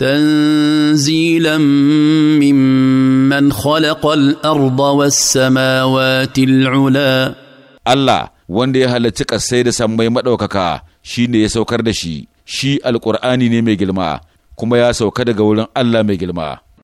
تنزيلا ممن خلق الارض والسماوات العلى الله wanda ya halarci ƙasai da sammai maɗaukaka shi ne ya saukar da shi shi alƙur'ani ne mai girma kuma ya sauka daga wurin Allah mai girma